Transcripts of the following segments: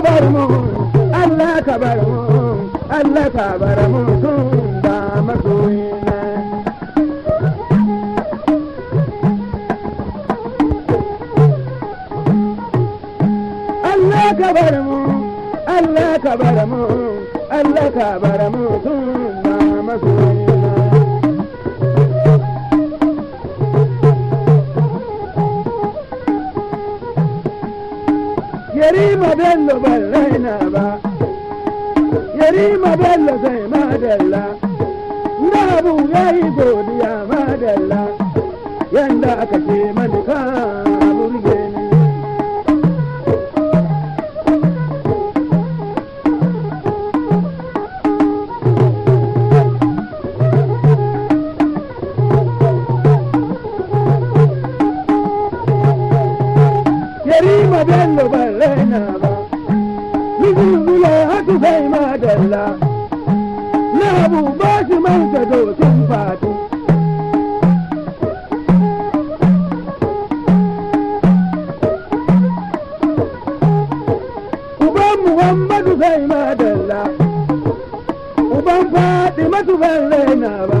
ka bar mu Allah ka bar mu Allah ka bar mu tun ba masoyina Allah ka bar mu Allah ka bar mu Allah ka bar mu tun ba yarima bello ban ba yarima bello sai madalla na abu ya yi godiya madalla yanda aka ce mani ka burge ni yarima bello ban sai madalla na abu ba shi man ka ma fati uban muhammadu sai madalla uban faɗi matu ban na ba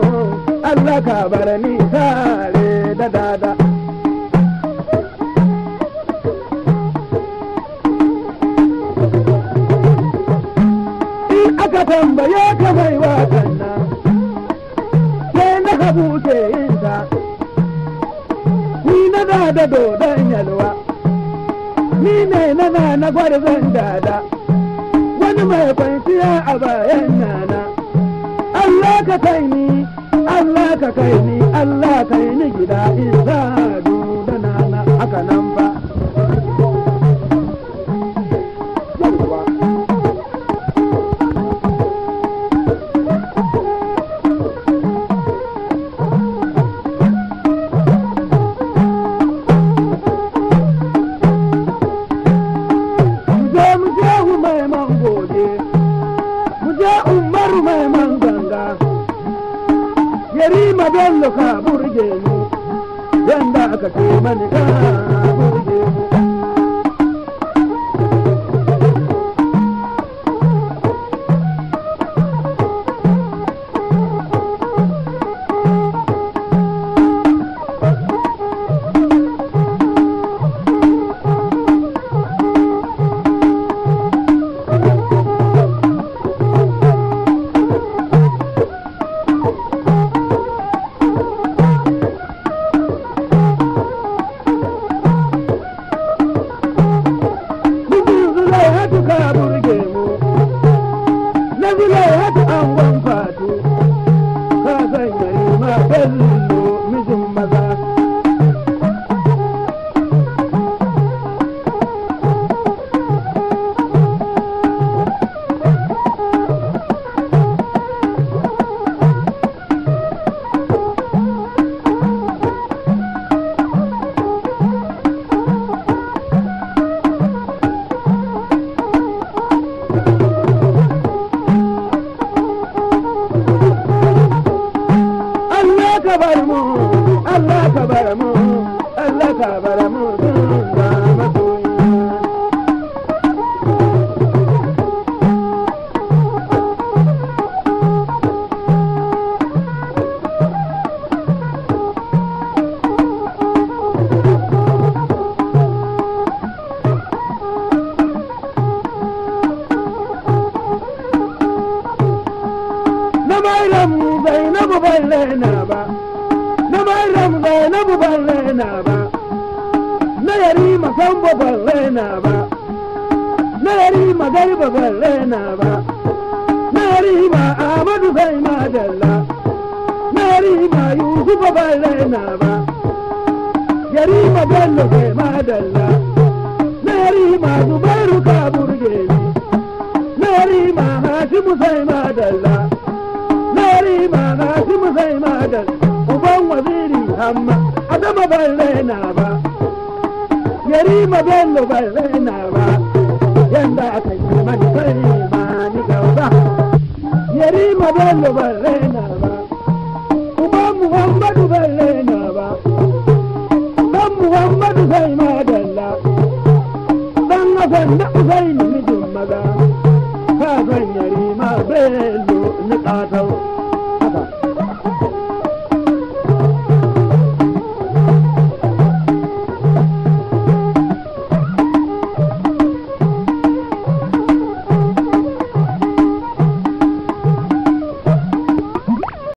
Allah ka bar ni tare da dada in aka tambaye ka mai watan nan sai na habu ke yin ta ni na dada dodon yalwa ni ne na na na gwarzon dada wani mai kwanciya a bayan nana Allah ka kai ni Allah ka kai ni Allah kai ni gida isa da na haka nan Yarima Bello ka burge ni, yanda aka ce mani ¡Gracias! raina ba na maram zainabu ban raina ba na yari masambo ban raina ba na yari magariba ban raina ba na yari ma amadu sai ma dalla na yari ma yusufa ban raina ba yari ma bello sai ma dalla na yari ma zubairu ka burge ni na yari ma hashimu sai ma dalla amma adama ban na ba yari ma bello ban na ba yanda aka yi mani bari ma ni gaba yari ma bello ban na ba kuma muhammadu ban na ba dan muhammadu sai ma dalla dan hasan na usaini